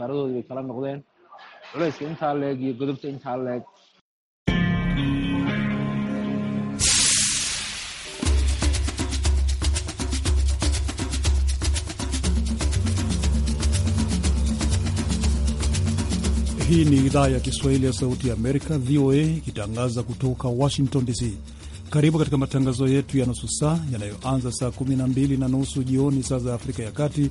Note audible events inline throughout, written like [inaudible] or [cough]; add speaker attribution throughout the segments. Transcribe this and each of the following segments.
Speaker 1: wasaaradoodii bay kala noqdeen culayska intaa leeg iyo godobta intaa leeg
Speaker 2: Hii ni idhaa ya Kiswahili ya Sauti ya Amerika, VOA, ikitangaza kutoka Washington DC. Karibu katika matangazo yetu ya nusu saa yanayoanza saa 12 na nusu jioni saa za Afrika ya Kati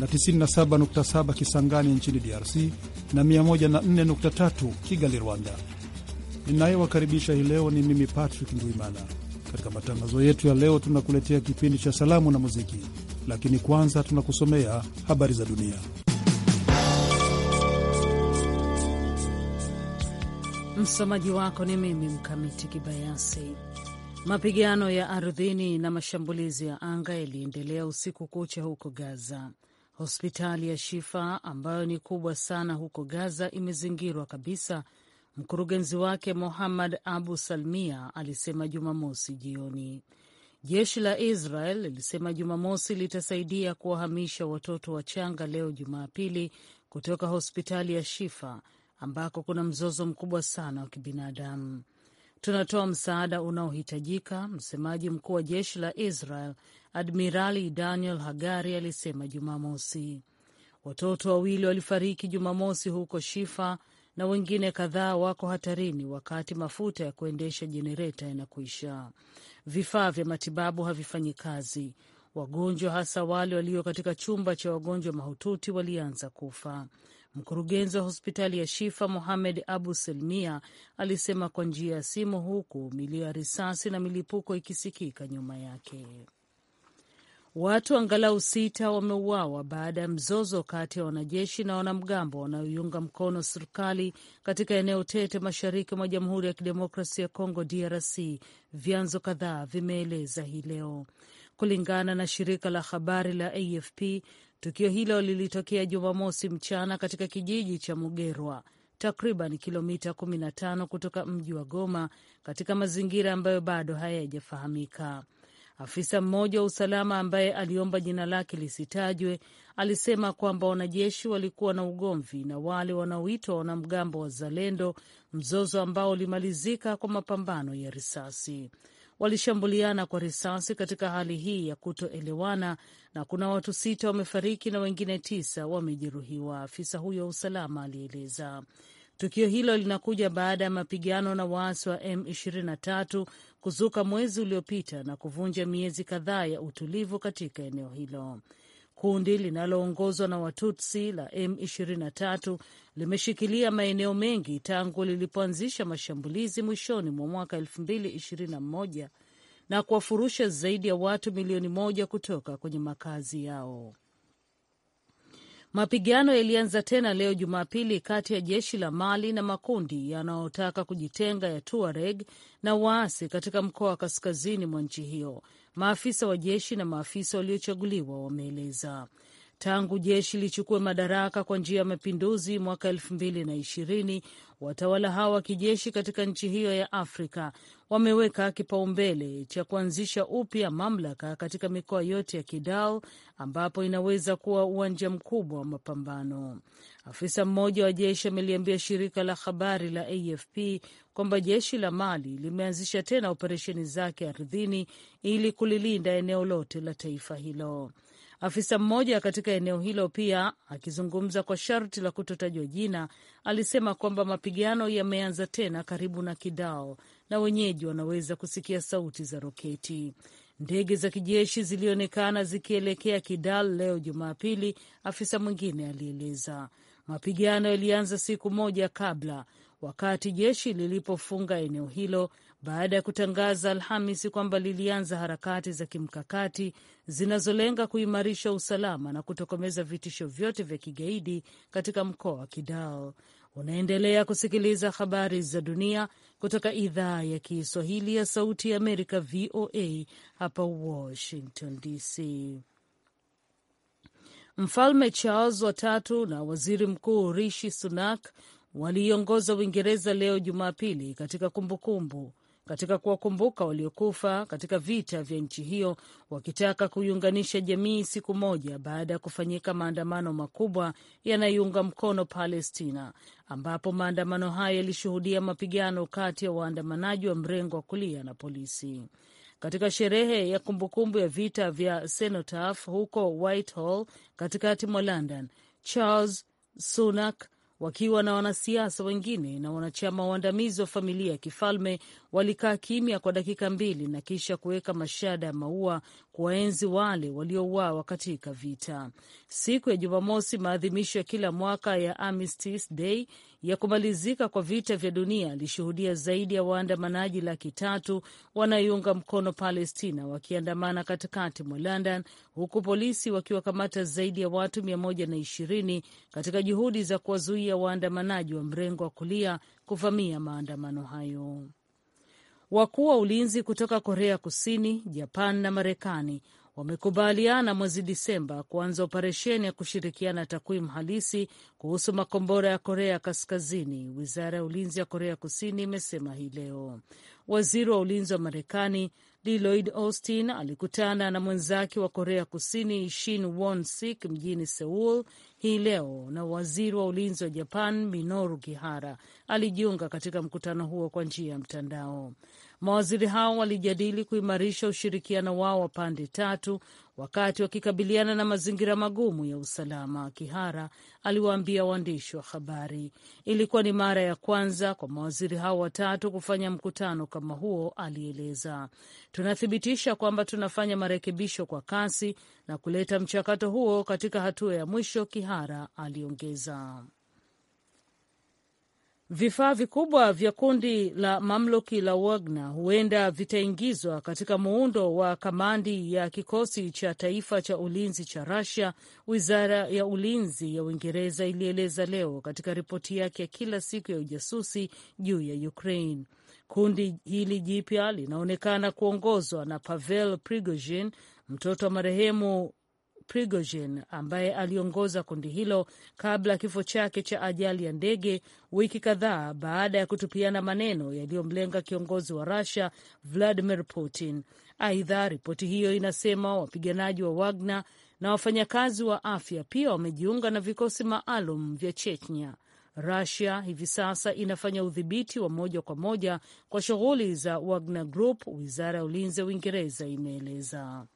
Speaker 2: na 97.7 Kisangani nchini DRC na 104.3 Kigali, Rwanda. Ninayewakaribisha hii leo ni mimi Patrick Ndwimana. Katika matangazo yetu ya leo, tunakuletea kipindi cha salamu na muziki, lakini kwanza tunakusomea habari za dunia.
Speaker 3: Msomaji wako ni mimi Mkamiti Kibayasi. Mapigano ya ardhini na mashambulizi ya anga yaliendelea usiku kucha huko Gaza Hospitali ya Shifa ambayo ni kubwa sana huko Gaza imezingirwa kabisa, mkurugenzi wake Mohammad Abu Salmia alisema Jumamosi jioni. Jeshi la Israel lilisema Jumamosi litasaidia kuwahamisha watoto wachanga leo Jumapili kutoka hospitali ya Shifa ambako kuna mzozo mkubwa sana wa kibinadamu. Tunatoa msaada unaohitajika, msemaji mkuu wa jeshi la Israel Admirali Daniel Hagari alisema Jumamosi. Watoto wawili walifariki Jumamosi huko Shifa na wengine kadhaa wako hatarini wakati mafuta ya kuendesha jenereta yanakuisha. Vifaa vya matibabu havifanyi kazi. Wagonjwa hasa wale walio katika chumba cha wagonjwa mahututi walianza kufa. Mkurugenzi wa hospitali ya Shifa Mohamed Abu Selmia alisema kwa njia ya simu, huku milio ya risasi na milipuko ikisikika nyuma yake. Watu angalau sita wameuawa baada ya mzozo kati ya wanajeshi na wanamgambo wanaoiunga mkono serikali katika eneo tete mashariki mwa Jamhuri ya Kidemokrasia ya Kongo, DRC, vyanzo kadhaa vimeeleza hii leo, kulingana na shirika la habari la AFP. Tukio hilo lilitokea Jumamosi mchana katika kijiji cha Mugerwa, takriban kilomita 15 kutoka mji wa Goma, katika mazingira ambayo bado hayajafahamika. Afisa mmoja wa usalama ambaye aliomba jina lake lisitajwe alisema kwamba wanajeshi walikuwa na ugomvi na wale wanaoitwa wanamgambo wa Zalendo, mzozo ambao ulimalizika kwa mapambano ya risasi. Walishambuliana kwa risasi katika hali hii ya kutoelewana, na kuna watu sita wamefariki na wengine tisa wamejeruhiwa, afisa huyo wa usalama alieleza. Tukio hilo linakuja baada ya mapigano na waasi wa M23 kuzuka mwezi uliopita na kuvunja miezi kadhaa ya utulivu katika eneo hilo. Kundi linaloongozwa na Watutsi la M23 limeshikilia maeneo mengi tangu lilipoanzisha mashambulizi mwishoni mwa mwaka 2021 na kuwafurusha zaidi ya watu milioni moja kutoka kwenye makazi yao. Mapigano yalianza tena leo Jumapili kati ya jeshi la Mali na makundi yanayotaka kujitenga ya Tuareg na waasi katika mkoa wa kaskazini mwa nchi hiyo, maafisa wa jeshi na maafisa waliochaguliwa wameeleza. Tangu jeshi lichukue madaraka kwa njia ya mapinduzi mwaka elfu mbili na ishirini, watawala hawa wa kijeshi katika nchi hiyo ya Afrika wameweka kipaumbele cha kuanzisha upya mamlaka katika mikoa yote ya Kidal ambapo inaweza kuwa uwanja mkubwa wa mapambano. Afisa mmoja wa jeshi ameliambia shirika la habari la AFP kwamba jeshi la Mali limeanzisha tena operesheni zake ardhini ili kulilinda eneo lote la taifa hilo. Afisa mmoja katika eneo hilo pia akizungumza kwa sharti la kutotajwa jina, alisema kwamba mapigano yameanza tena karibu na Kidao na wenyeji wanaweza kusikia sauti za roketi. Ndege za kijeshi zilionekana zikielekea Kidal leo Jumapili, afisa mwingine alieleza. Mapigano yalianza siku moja kabla, wakati jeshi lilipofunga eneo hilo baada ya kutangaza Alhamisi kwamba lilianza harakati za kimkakati zinazolenga kuimarisha usalama na kutokomeza vitisho vyote vya kigaidi katika mkoa wa Kidal. Unaendelea kusikiliza habari za dunia kutoka idhaa ya Kiswahili ya Sauti ya Amerika, VOA hapa Washington DC. Mfalme Charles watatu na waziri mkuu Rishi Sunak waliiongoza Uingereza leo Jumapili katika kumbukumbu katika kuwakumbuka waliokufa katika vita vya nchi hiyo, wakitaka kuiunganisha jamii siku moja baada ya kufanyika maandamano makubwa yanayounga mkono Palestina, ambapo maandamano hayo yalishuhudia mapigano kati ya waandamanaji wa mrengo wa kulia na polisi katika sherehe ya kumbukumbu ya vita vya senotaf huko Whitehall katikati mwa London. Charles Sunak wakiwa na wanasiasa wengine na wanachama waandamizi wa familia ya kifalme walikaa kimya kwa dakika mbili na kisha kuweka mashada ya maua kuwaenzi wale waliouawa katika vita. Siku ya Jumamosi, maadhimisho ya kila mwaka ya Armistice Day ya kumalizika kwa vita vya dunia alishuhudia zaidi ya waandamanaji laki tatu wanaiunga mkono Palestina wakiandamana katikati mwa London, huku polisi wakiwakamata zaidi ya watu 120 katika juhudi za kuwazuia waandamanaji wa mrengo wa kulia kuvamia maandamano hayo. Wakuu wa ulinzi kutoka Korea Kusini, Japan na Marekani wamekubaliana mwezi Disemba kuanza operesheni ya kushirikiana takwimu halisi kuhusu makombora ya Korea Kaskazini, wizara ya ulinzi ya Korea Kusini imesema hii leo. Waziri wa ulinzi wa Marekani Lloyd Austin alikutana na mwenzake wa Korea Kusini Shin Won Sik mjini Seul hii leo, na waziri wa ulinzi wa Japan Minoru Kihara alijiunga katika mkutano huo kwa njia ya mtandao. Mawaziri hao walijadili kuimarisha ushirikiano wao wa pande tatu wakati wakikabiliana na mazingira magumu ya usalama, Kihara aliwaambia waandishi wa habari. Ilikuwa ni mara ya kwanza kwa mawaziri hao watatu kufanya mkutano kama huo, alieleza tunathibitisha kwamba tunafanya marekebisho kwa kasi na kuleta mchakato huo katika hatua ya mwisho, Kihara aliongeza. Vifaa vikubwa vya kundi la mamluki la Wagner huenda vitaingizwa katika muundo wa kamandi ya kikosi cha taifa cha ulinzi cha Russia, wizara ya ulinzi ya Uingereza ilieleza leo katika ripoti yake ya kila siku ya ujasusi juu ya Ukraine. Kundi hili jipya linaonekana kuongozwa na Pavel Prigozhin, mtoto wa marehemu Prigozhin ambaye aliongoza kundi hilo kabla ya kifo chake cha ajali ya ndege wiki kadhaa baada ya kutupiana maneno yaliyomlenga kiongozi wa Russia Vladimir Putin. Aidha, ripoti hiyo inasema wapiganaji wa Wagner na wafanyakazi wa afya pia wamejiunga na vikosi maalum vya Chechnya. Rusia hivi sasa inafanya udhibiti wa moja kwa moja kwa shughuli za Wagner Group, wizara ya ulinzi ya Uingereza imeeleza.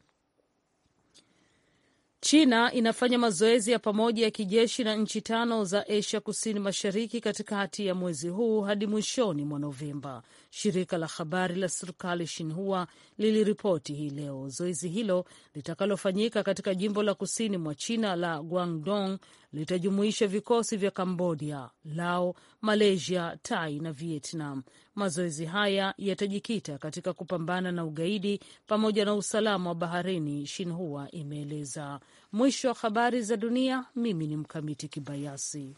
Speaker 3: China inafanya mazoezi ya pamoja ya kijeshi na nchi tano za Asia kusini mashariki katikati ya mwezi huu hadi mwishoni mwa Novemba, shirika la habari la serikali Shinhua liliripoti hii leo. Zoezi hilo litakalofanyika katika jimbo la kusini mwa China la Guangdong litajumuisha vikosi vya Kambodia, Lao, Malaysia, Tai na Vietnam. Mazoezi haya yatajikita katika kupambana na ugaidi pamoja na usalama wa baharini, Shinhua imeeleza. Mwisho wa habari za dunia. Mimi ni Mkamiti Kibayasi.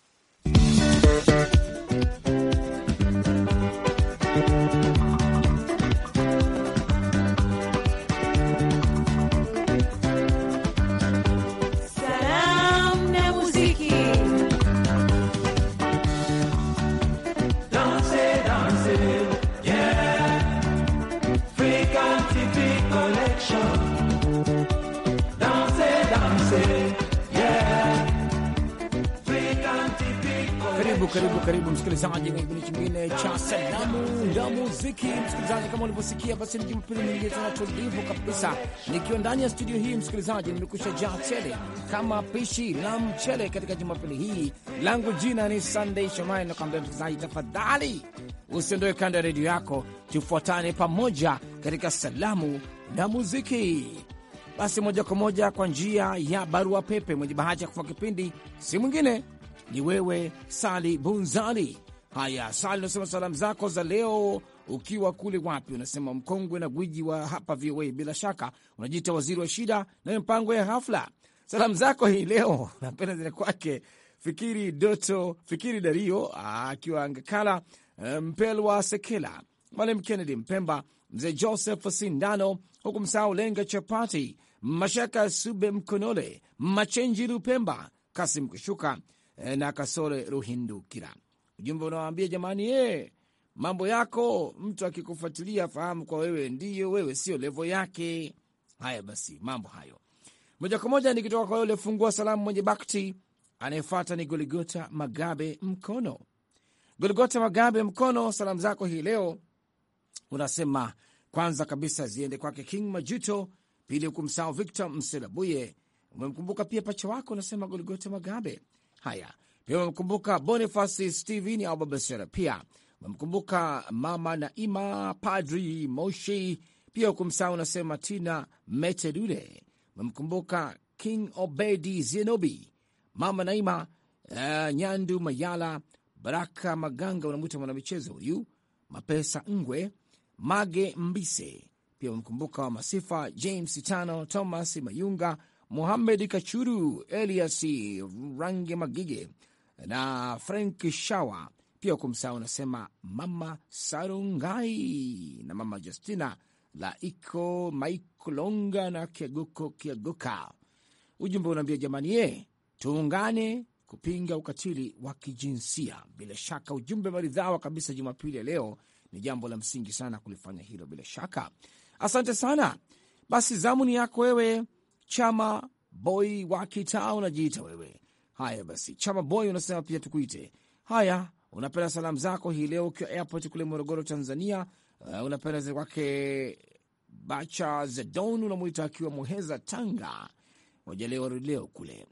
Speaker 4: karibu karibu msikilizaji, kwa kipindi kingine cha salamu na muziki. Msikilizaji, kama ulivyosikia, basi ni jumapili nyingine tena tulivu kabisa, nikiwa ndani ya studio hii. Msikilizaji, nimekusha jaa chele kama pishi la mchele katika jumapili hii. Langu jina ni Sunday Shomari, nakwambia msikilizaji, tafadhali usiondoe kando ya redio yako, tufuatane pamoja katika salamu na muziki. Basi moja kwa moja kwa njia ya barua pepe, mwenye bahati ya kufua kipindi si mwingine ni wewe Sali Bunzali. Haya, Sali, unasema salamu zako za leo ukiwa kule wapi? Unasema mkongwe na gwiji wa hapa VOA, bila shaka unajiita waziri wa shida na mpango ya hafla. Salamu zako hii leo [laughs] napenda zile kwake Fikiri Doto, Fikiri Dario ah, akiwa Ngakala, eh, Mpelwa Sekela, Mwalim Kennedy Mpemba, Mzee Joseph Sindano, huku msahau Lenga Chapati, Mashaka Sube, Mkonole Machenji Lupemba, Kasim Kushuka Eh, na Kasore Ruhindukira. Ujumbe unawaambia jamani, ye eh, mambo yako, mtu akikufuatilia fahamu kwa wewe ndiyo wewe, sio levo yake. Haya basi, mambo hayo moja kwa moja nikitoka kwa yule fungua salamu mwenye bakti. Anayefuata ni Goligota Magabe Mkono. Goligota Magabe Mkono, salamu zako hii leo unasema kwanza kabisa ziende kwake King Majuto, pili hukumsahau Victor Mselabuye. Umemkumbuka pia pacha wako, unasema Goligota Magabe Haya, pia umemkumbuka Bonifasi Stephen au Baba Sera, pia umemkumbuka mama Naima, Padri Moshi, pia ukumsaa unasema Tina Metelule, umemkumbuka King Obedi Zenobi, mama Naima, uh, Nyandu Mayala, Baraka Maganga, unamwita mwanamichezo huyu, Mapesa Ngwe, Mage Mbise, pia umemkumbuka Masifa James Tano, Thomas Mayunga Muhamed Kachuru, Elias Range Magige na Frank Shawa, pia kumsaa unasema Mama Sarungai na Mama Justina Laiko Maikolonga na Kiagoko Kiagoka. Ujumbe unaambia jamani, ye tuungane kupinga ukatili wa kijinsia. Bila shaka ujumbe maridhawa kabisa. Jumapili ya leo ni jambo la msingi sana kulifanya hilo, bila shaka. Asante sana. Basi zamu ni yako wewe Chama Boy wa kitaa unajiita wewe. Haya basi, Chama Boy unasema pia tukuite. Haya, unapenda salamu zako hii leo ukiwa airport kule Morogoro, Tanzania. Uh, unapenda za kwake Bacha Zedon, unamwita akiwa Muheza, Tanga. Wajalewa leo kule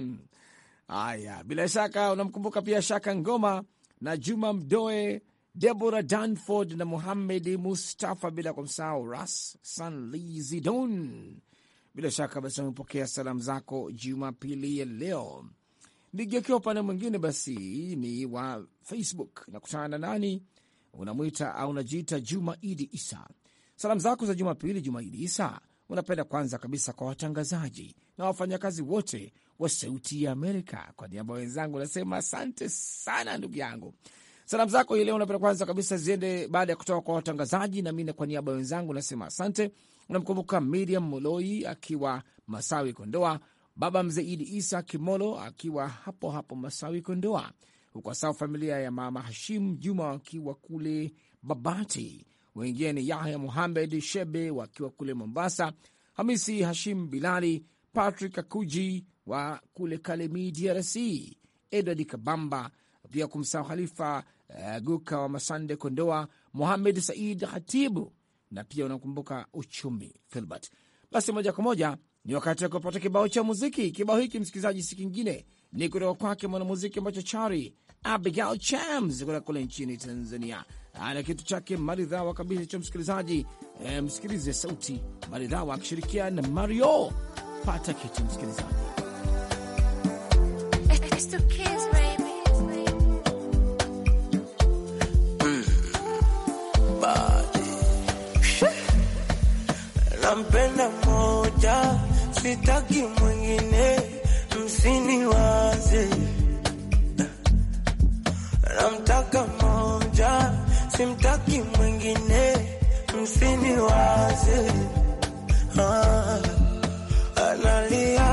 Speaker 4: [laughs] haya, bila shaka unamkumbuka pia Shaka Ngoma na Juma Mdoe, Debora Danford na Muhamed Mustafa, bila kumsahau Ras Sanlizidon. Bila shaka basi amepokea salamu zako jumapili ya leo. Nigeukia upande mwingine basi, ni wa Facebook. Nakutana na nani? Unamwita au unajiita Juma Idi Isa. Salamu zako za Jumapili, Juma Idi Isa, unapenda kwanza kabisa kwa watangazaji na wafanyakazi wote wa Sauti ya Amerika. Kwa niaba wenzangu unasema asante sana ndugu yangu. Salamu zako hii leo unapenda kwanza kabisa ziende baada ya kutoka kwa watangazaji, na mimi kwa niaba wenzangu nasema asante Unamkumbuka Miriam Moloi akiwa Masawi Kondoa, baba mzee Idi Isa Kimolo akiwa hapo hapo Masawi Kondoa, huko Sau familia ya mama Hashim Juma wakiwa kule Babati, wengine ni Yahya Muhamed Shebe wakiwa kule Mombasa, Hamisi Hashim Bilali, Patrick Akuji wa kule Kalemi DRC, Edward Kabamba, pia kumsahau Halifa uh, eh, Guka wa Masande Kondoa, Muhamed Said Hatibu na pia unakumbuka uchumi Filbert. Basi moja kwa moja ni wakati wa kupata kibao cha muziki. Kibao hiki msikilizaji, si kingine ni kutoka kwake mwanamuziki machachari Abigail Chams kutoka kule nchini Tanzania. Ana kitu chake maridhawa kabisa cha msikilizaji. E, msikilize sauti maridhawa akishirikiana na Mario. Pata kitu msikilizaji.
Speaker 5: tampenda moja, sitaki mwingine, msiniwaze. Namtaka moja, simtaki mwingine, msini Ah, analia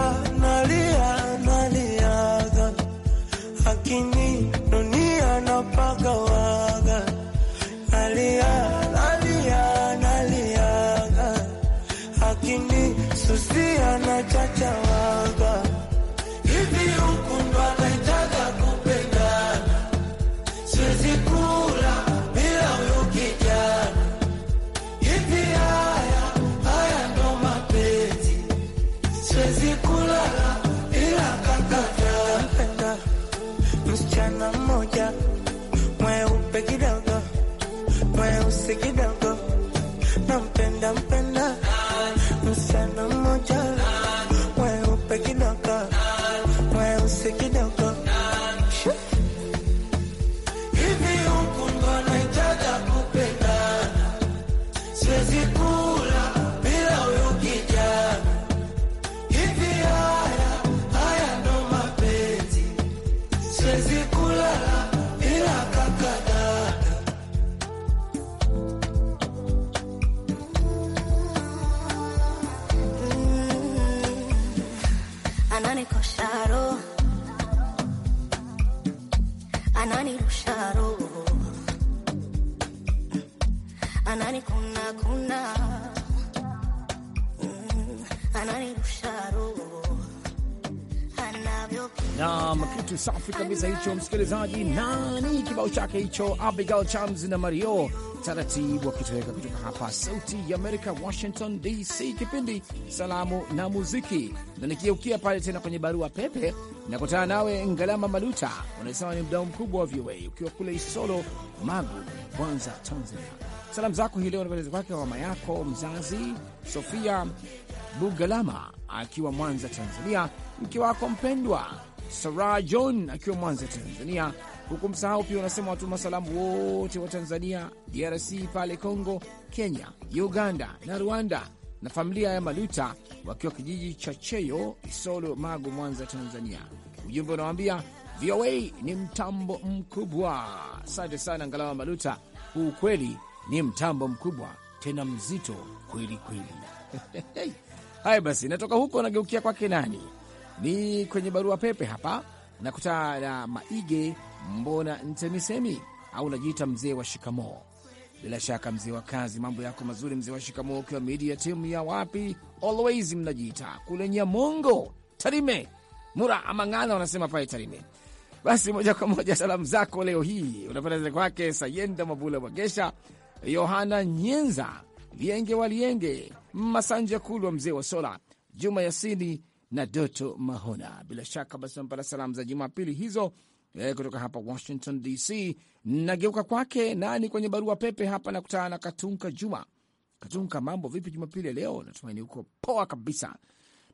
Speaker 5: lakini dunia napagawaga nini? Susia na waga
Speaker 4: kitu safi kabisa hicho, msikilizaji. Nani kibao chake hicho, Abigail Chams na Mario, taratibu wakitoweka kutoka hapa Sauti ya Amerika, Washington DC, kipindi Salamu na Muziki. Na nikiukia pale tena kwenye barua pepe, nakutana nawe Ngalama Maluta, unasema ni mdao mkubwa wa VOA ukiwa kule Isolo, Magu, Mwanza, Tanzania. Salamu zako hii leo napeleza kwake mama yako mzazi Sofia Bugalama akiwa Mwanza, Tanzania, mke wako mpendwa Sarah John akiwa Mwanza, Tanzania. Huku msahau pia unasema watuma salamu wote wa Tanzania, DRC, pale Congo, Kenya, Uganda na Rwanda na familia ya Maluta wakiwa kijiji cha Cheyo, Isolo, Magu, Mwanza, Tanzania. Ujumbe unawaambia VOA ni mtambo mkubwa. Asante sana Ngalawa Maluta, huu kweli ni mtambo mkubwa tena mzito kweli kweli. [laughs] Haya basi, natoka huko nageukia kwake nani ni kwenye barua pepe hapa, nakutana na Maige Mbona Ntemisemi au najiita mzee wa shikamoo. Bila shaka mzee wa kazi, mambo yako mazuri mzee wa shikamoo, ukiwa media timu ya wapi always mnajiita kule Nyamongo, Tarime, Mura Amang'ana wanasema pale Tarime. Basi moja kwa moja salamu zako leo hii unapendeza kwake Sayenda Mabula Mwagesha, Yohana Nyenza, Lienge wa Lienge, Masanja Kulwa, mzee wa Sola, Juma Yasini na Doto Mahona. Bila shaka basi amepata salamu za Jumapili hizo eh, kutoka hapa Washington DC. Nageuka kwake nani kwenye barua pepe hapa, nakutana na Katunka Juma. Katunka, mambo vipi Jumapili leo? Natumaini uko poa kabisa.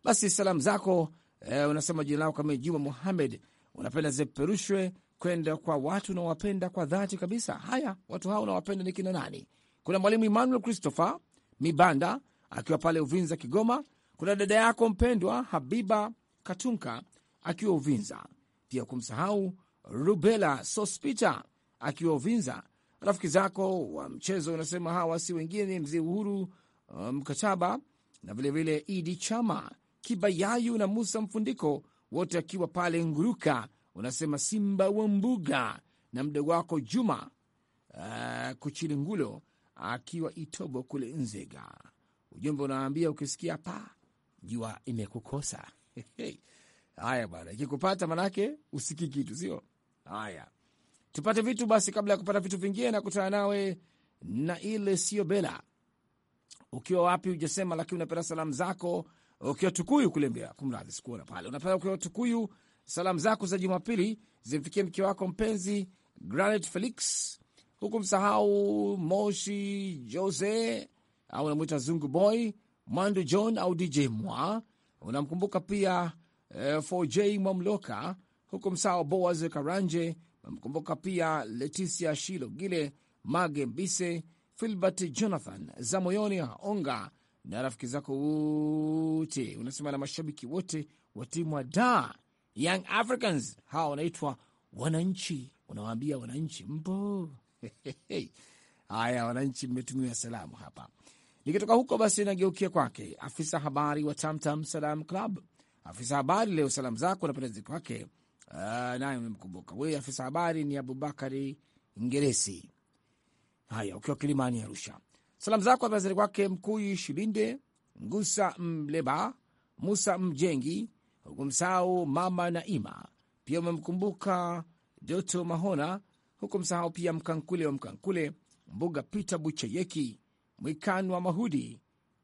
Speaker 4: Basi salamu zako eh, unasema jina lako kama Juma Muhamed, unapenda zipeperushwe kwenda kwa watu unawapenda kwa dhati kabisa. Haya, watu hao unawapenda ni kina nani? Kuna mwalimu Emmanuel Christopher Mibanda akiwa pale Uvinza, Kigoma. Kuna dada yako mpendwa Habiba Katunka akiwa Uvinza, pia kumsahau Rubela Sospita akiwa Uvinza. Rafiki zako wa mchezo unasema hawa si wengine mzee Uhuru Mkataba um, na vilevile Idi Chama Kibayayu na Musa Mfundiko, wote akiwa pale Nguruka. Unasema Simba wa Mbuga na mdogo wako Juma uh, Kuchilingulo akiwa Itobo kule Nzega. Ujumbe unaambia ukisikia paa jua imekukosa. Haya bwana, ikikupata manake usiki kitu, sio haya. Tupate vitu basi, kabla ya kupata vitu vingine, nakutana nawe na ile sio bela. Ukiwa wapi ujasema, lakini unapenda salamu zako ukiwa Tukuyu kule Mbeya, kumradhi, sikuona pale. Unapenda ukiwa Tukuyu, salamu zako za Jumapili zimfikie mke wako mpenzi Granit Felix, huku msahau Moshi Jose au namwita Zungu Boy Mwandu John au DJ Mwa. Unamkumbuka pia eh, 4J Mwamloka huku Msawa, Boaz Karanje. Unamkumbuka pia Leticia Shilogile, Mage Mbise, Filbert Jonathan za moyoni Haonga na rafiki zako wote, unasema na mashabiki wote wa timu ya da Young Africans. Hawa wanaitwa wananchi, unawaambia wananchi mpo [laughs] haya, wananchi mmetumiwa salamu hapa. Nikitoka huko basi nageukia kwake afisa habari wa Tamtam Salam Club. Afisa habari, leo salamu zako napenda ziko kwake, ah, naye umemkumbuka wewe. Afisa habari ni Abubakari Ngeresi. Haya, ukiwa Kilimani, Arusha, salamu zako apazari kwake Mkuyi Shilinde, Ngusa Mleba, Musa Mjengi, huku msahau Mama Naima. Pia umemkumbuka Doto Mahona, huku msahau pia Mkankule wa Mkankule, Mbuga Peter Bucheyeki Mwikanwa Mahudi,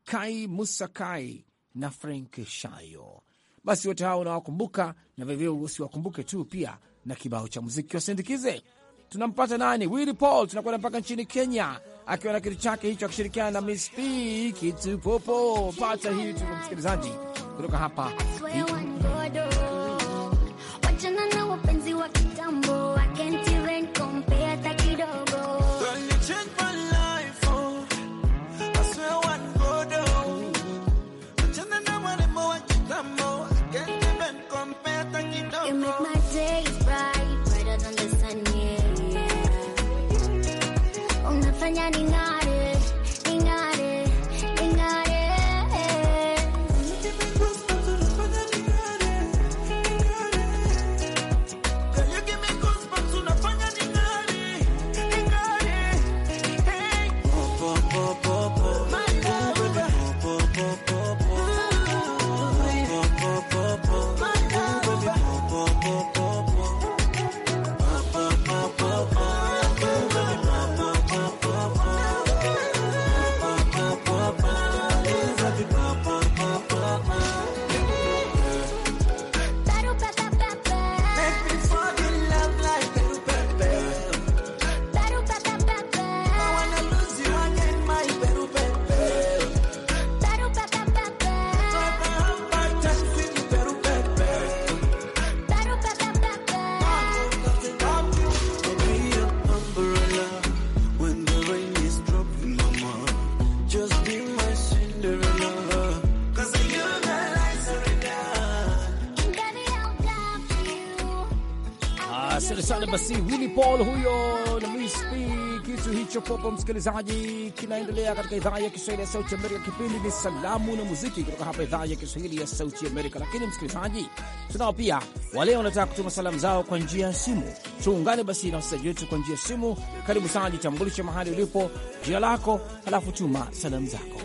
Speaker 4: Kai Musa Kai na Frank Shayo. Basi wote hao unawakumbuka, na vilevile usiwakumbuke tu pia na kibao cha muziki wasindikize. Tunampata nani? Willy Paul, tunakwenda mpaka nchini Kenya akiwa na kitu chake hicho, akishirikiana na Miss P Kitupopo. Pata hii tu, msikilizaji kutoka hapa popo msikilizaji, kinaendelea katika idhaa ya Kiswahili ya Sauti Amerika. Kipindi ni Salamu na Muziki kutoka hapa idhaa ya Kiswahili ya Sauti Amerika. Lakini msikilizaji, tunao pia wale wanataka kutuma salamu zao kwa njia ya simu. Tuungane basi na wasikilizaji wetu kwa njia ya simu. Karibu sana, jitambulishe mahali ulipo, jina lako, halafu tuma salamu zako.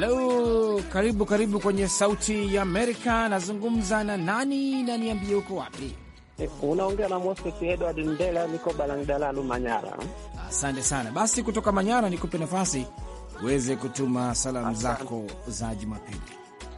Speaker 4: Halo, karibu karibu kwenye Sauti ya Amerika. Nazungumza na nani na niambie uko wapi? Eh, unaongea na Moses
Speaker 1: Edward Mbele, niko Balangdalalu, Manyara.
Speaker 4: Asante sana. Basi kutoka Manyara nikupe nafasi uweze kutuma salamu zako za Jumapili.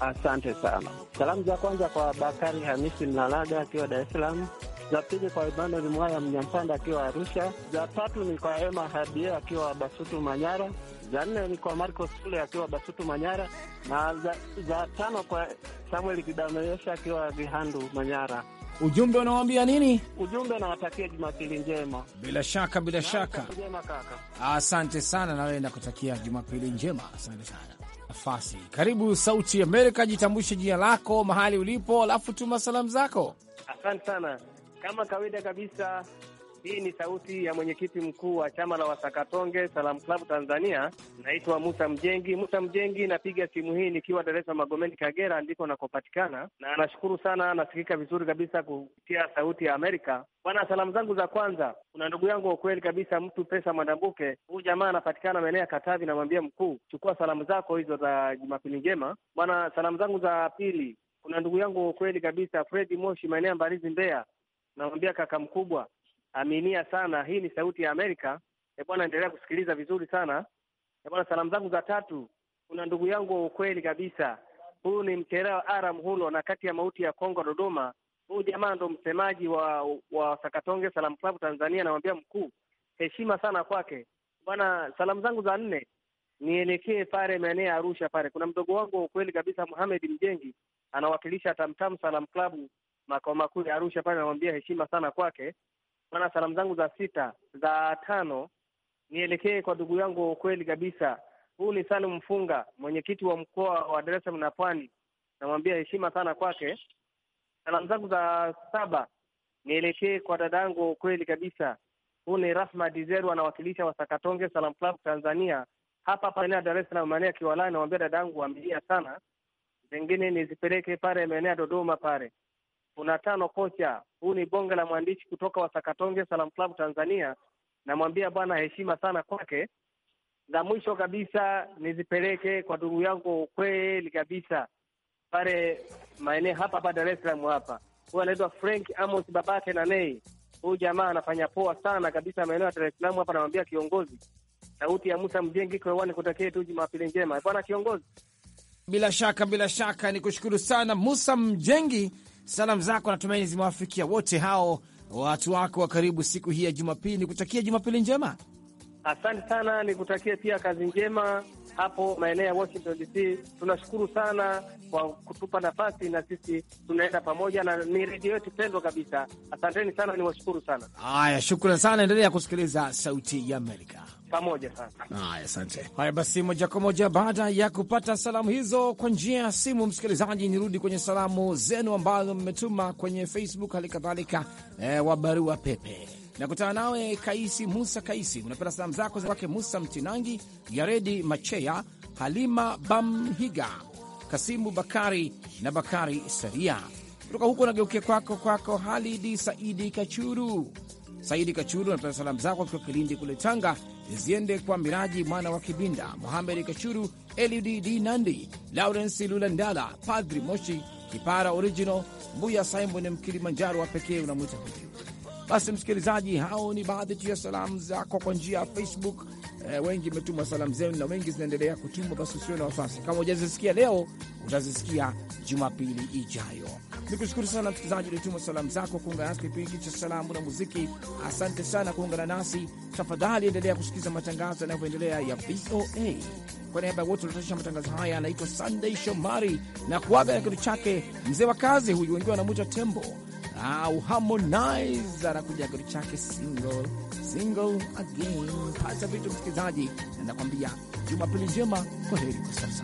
Speaker 1: Asante sana. Salamu za kwanza kwa Bakari Hamisi Mlalaga akiwa Dar es Salaam, za pili kwa Imanuel Mwaya Mnyampanda akiwa Arusha, za tatu ni kwa Ema Habie akiwa Basutu Manyara, za nne ni kwa Marco Sule akiwa Basutu Manyara, na za, za tano kwa Samuel Kidameyesha akiwa Vihandu Manyara. Ujumbe unawambia nini? Ujumbe nawatakia Jumapili njema.
Speaker 4: Bila shaka, bila shaka, Asante sana, nawee nakutakia Jumapili njema. Asante sana nafasi. Karibu Sauti Amerika, jitambushe jina lako, mahali ulipo, alafu tuma salamu zako.
Speaker 1: Asante sana, kama kawaida kabisa hii ni sauti ya mwenyekiti mkuu wa chama la Wasakatonge Salam Club Tanzania. Naitwa Musa Mjengi. Musa Mjengi, napiga simu hii nikiwa Dar es Salaam, Magomeni, Kagera ndiko nakopatikana, na nashukuru sana, nasikika vizuri kabisa kupitia Sauti ya Amerika. Bwana, salamu zangu za kwanza, kuna ndugu yangu wa kabisa, mtu pesa mwandambuke Huyu jamaa anapatikana maeneo ya Katavi, namwambia mkuu, chukua salamu zako hizo za Jumapili njema. Bwana, salamu zangu za pili, kuna ndugu yangu wa kabisa, Fredi Moshi, maeneo ya Mbarizi, Mbeya, namwambia kaka mkubwa aminia sana. Hii ni Sauti ya Amerika. E bwana, endelea kusikiliza vizuri sana. E bwana, salamu zangu za tatu, kuna ndugu yangu wa ukweli kabisa, huyu ni Mchereo Aram Hulo na kati ya mauti ya Kongo Dodoma. Huyu jamaa ndo msemaji wa wa Sakatonge Salam Club Tanzania, namwambia mkuu, heshima sana kwake bwana. Salamu zangu za nne nielekee pale maeneo ya Arusha pale, kuna mdogo wangu wa ukweli kabisa Muhamed Mjengi anawakilisha Tamtam Salam Club makao makuu ya Arusha pale, namwambia heshima sana kwake maana salamu zangu za sita za tano nielekee kwa ndugu yangu wa ukweli kabisa. Huu ni Salum Mfunga, mwenyekiti wa mkoa wa Dar es Salaam na Pwani, namwambia heshima sana kwake. Salamu zangu za saba nielekee kwa dadangu wa ukweli kabisa. Huu ni Rahma Dizeru, anawakilisha Wasakatonge Salam Club Tanzania, hapa hapa eneo ya Dar es Salaam, maeneo ya Kiwalani. Namwambia dadangu, amelia sana, zingine nizipeleke pale maeneo ya Dodoma pale kuna tano kocha. Huu ni bonge la mwandishi kutoka Wasakatonge Salam Club Tanzania. Namwambia bwana, heshima sana kwake. Za mwisho kabisa nizipeleke kwa ndugu yangu kweli kabisa pale maeneo hapa hapa Dar es Salaam hapa, huyu anaitwa Frank Amos babake na Nei. Huyu jamaa anafanya poa sana kabisa maeneo ya Dar es Salaam hapa. Namwambia kiongozi, sauti ya Musa Mjengi kwewani, hewani, kutakie tu Jumapili njema bwana kiongozi.
Speaker 4: Bila shaka bila shaka, ni kushukuru sana Musa Mjengi Salamu zako natumaini zimewafikia wote hao watu wako wa karibu siku hii ya Jumapili. Nikutakia Jumapili njema,
Speaker 1: asante sana. kutakia pia kazi njema hapo maeneo ya Washington DC. Tunashukuru sana kwa kutupa nafasi, na sisi tunaenda pamoja na ni redio yetu pendwa kabisa. Asanteni sana, niwashukuru sana.
Speaker 4: Haya, shukran sana, endelea kusikiliza Sauti ya Amerika
Speaker 1: pamoja sana. Haya, asante.
Speaker 4: Haya basi, moja kwa moja baada ya kupata salamu hizo kwa njia ya simu, msikilizaji, nirudi kwenye salamu zenu ambazo mmetuma kwenye Facebook, hali kadhalika eh, wa barua pepe. Nakutana nawe Kaisi Musa Kaisi, unapenda salamu zako kwake Musa Mtinangi, Yaredi macheya Halima Bamhiga, Kasimu Bakari na Bakari Saria. Kutoka huko nageukia kwako kwako Halidi Saidi Kachuru Saidi Kachuru anapata salamu zako kutoka Kilindi kule Tanga, ziende kwa Miraji mwana wa Kibinda, muhamed Kachuru, Eliud D Nandi, Lawrence Lulandala, Padri Moshi Kipara Original, Mbuya Simon Mkilimanjaro wa pekee unamwita huyu. Basi msikilizaji, hao ni baadhi tu ya salamu zako kwa njia ya Facebook. E, wengi imetumwa salamu zenu na wengi zinaendelea kutumwa. Basi usiwe na wasiwasi, kama hujazisikia leo utazisikia Jumapili ijayo. Ni kushukuru sana msikilizaji ulituma salamu zako kuungana nasi kipindi cha salamu na muziki. Asante sana kuungana nasi. Tafadhali endelea kusikiliza matangazo yanavyoendelea ya VOA. Kwa niaba ya wote waliotarisha matangazo haya, anaitwa Sunday Shomari na kuaga na kitu chake mzee wa kazi huyu, wengiwa anamwita Tembo au Harmonize, anakuja kitu chake single single again. Pata vitu msikilizaji, na nakwambia jumapili njema, kwa heri kwa sasa.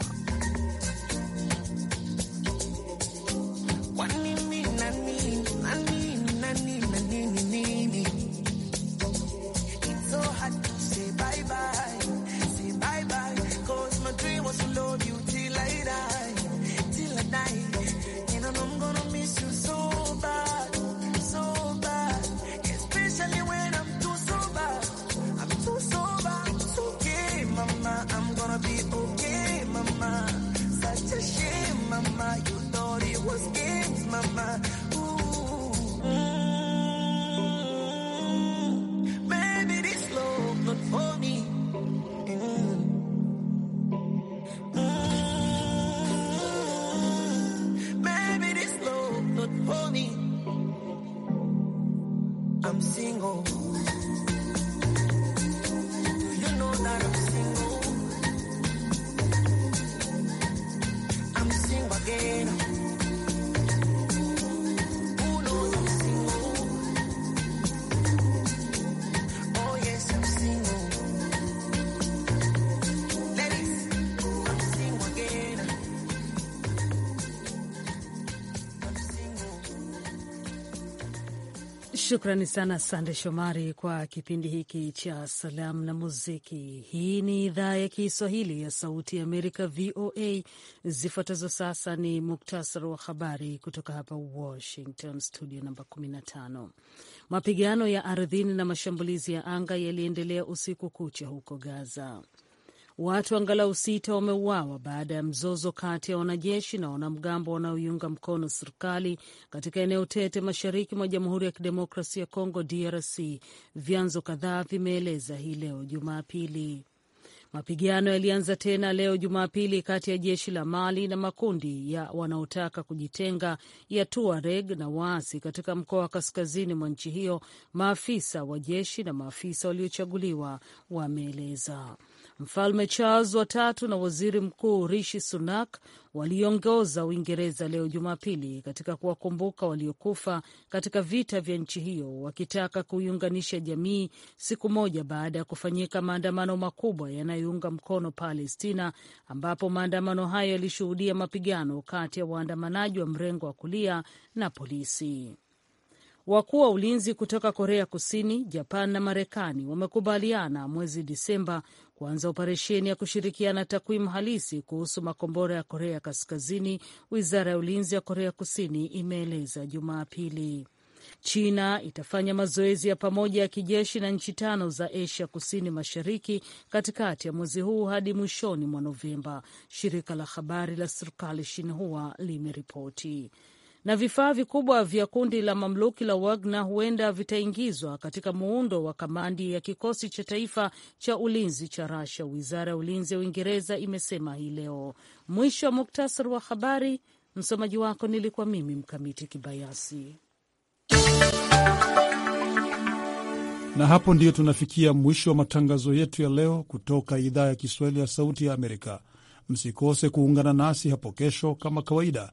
Speaker 3: Shukrani sana Sande Shomari kwa kipindi hiki cha salamu na muziki. Hii ni idhaa ya Kiswahili ya Sauti ya Amerika, VOA. Zifuatazo sasa ni muktasari wa habari kutoka hapa Washington, studio namba 15. Mapigano ya ardhini na mashambulizi ya anga yaliendelea usiku kucha huko Gaza. Watu angalau sita wameuawa baada ya mzozo kati ya wanajeshi na wanamgambo wanaoiunga mkono serikali katika eneo tete mashariki mwa Jamhuri ya Kidemokrasia ya Kongo, DRC, vyanzo kadhaa vimeeleza hii leo Jumapili. Mapigano yalianza tena leo Jumapili kati ya jeshi la Mali na makundi ya wanaotaka kujitenga ya Tuareg na waasi katika mkoa wa kaskazini mwa nchi hiyo, maafisa wa jeshi na maafisa waliochaguliwa wameeleza. Mfalme Charles wa tatu na waziri mkuu Rishi Sunak waliongoza Uingereza leo Jumapili katika kuwakumbuka waliokufa katika vita vya nchi hiyo, wakitaka kuiunganisha jamii, siku moja baada ya kufanyika maandamano makubwa yanayounga mkono Palestina, ambapo maandamano hayo yalishuhudia mapigano kati ya waandamanaji wa mrengo wa kulia na polisi. Wakuu wa ulinzi kutoka Korea Kusini, Japan na Marekani wamekubaliana mwezi Disemba kuanza operesheni ya kushirikiana takwimu halisi kuhusu makombora ya Korea Kaskazini, wizara ya ulinzi ya Korea Kusini imeeleza Jumapili. China itafanya mazoezi ya pamoja ya kijeshi na nchi tano za Asia kusini mashariki katikati ya mwezi huu hadi mwishoni mwa Novemba, shirika la habari la serikali Shinhua limeripoti na vifaa vikubwa vya kundi la mamluki la Wagner huenda vitaingizwa katika muundo wa kamandi ya kikosi cha taifa cha ulinzi cha rasha wizara ya ulinzi ya Uingereza imesema hii leo. Mwisho wa muktasari wa habari. Msomaji wako nilikuwa mimi Mkamiti Kibayasi.
Speaker 2: Na hapo ndiyo tunafikia mwisho wa matangazo yetu ya leo kutoka idhaa ya Kiswahili ya Sauti ya Amerika. Msikose kuungana nasi hapo kesho kama kawaida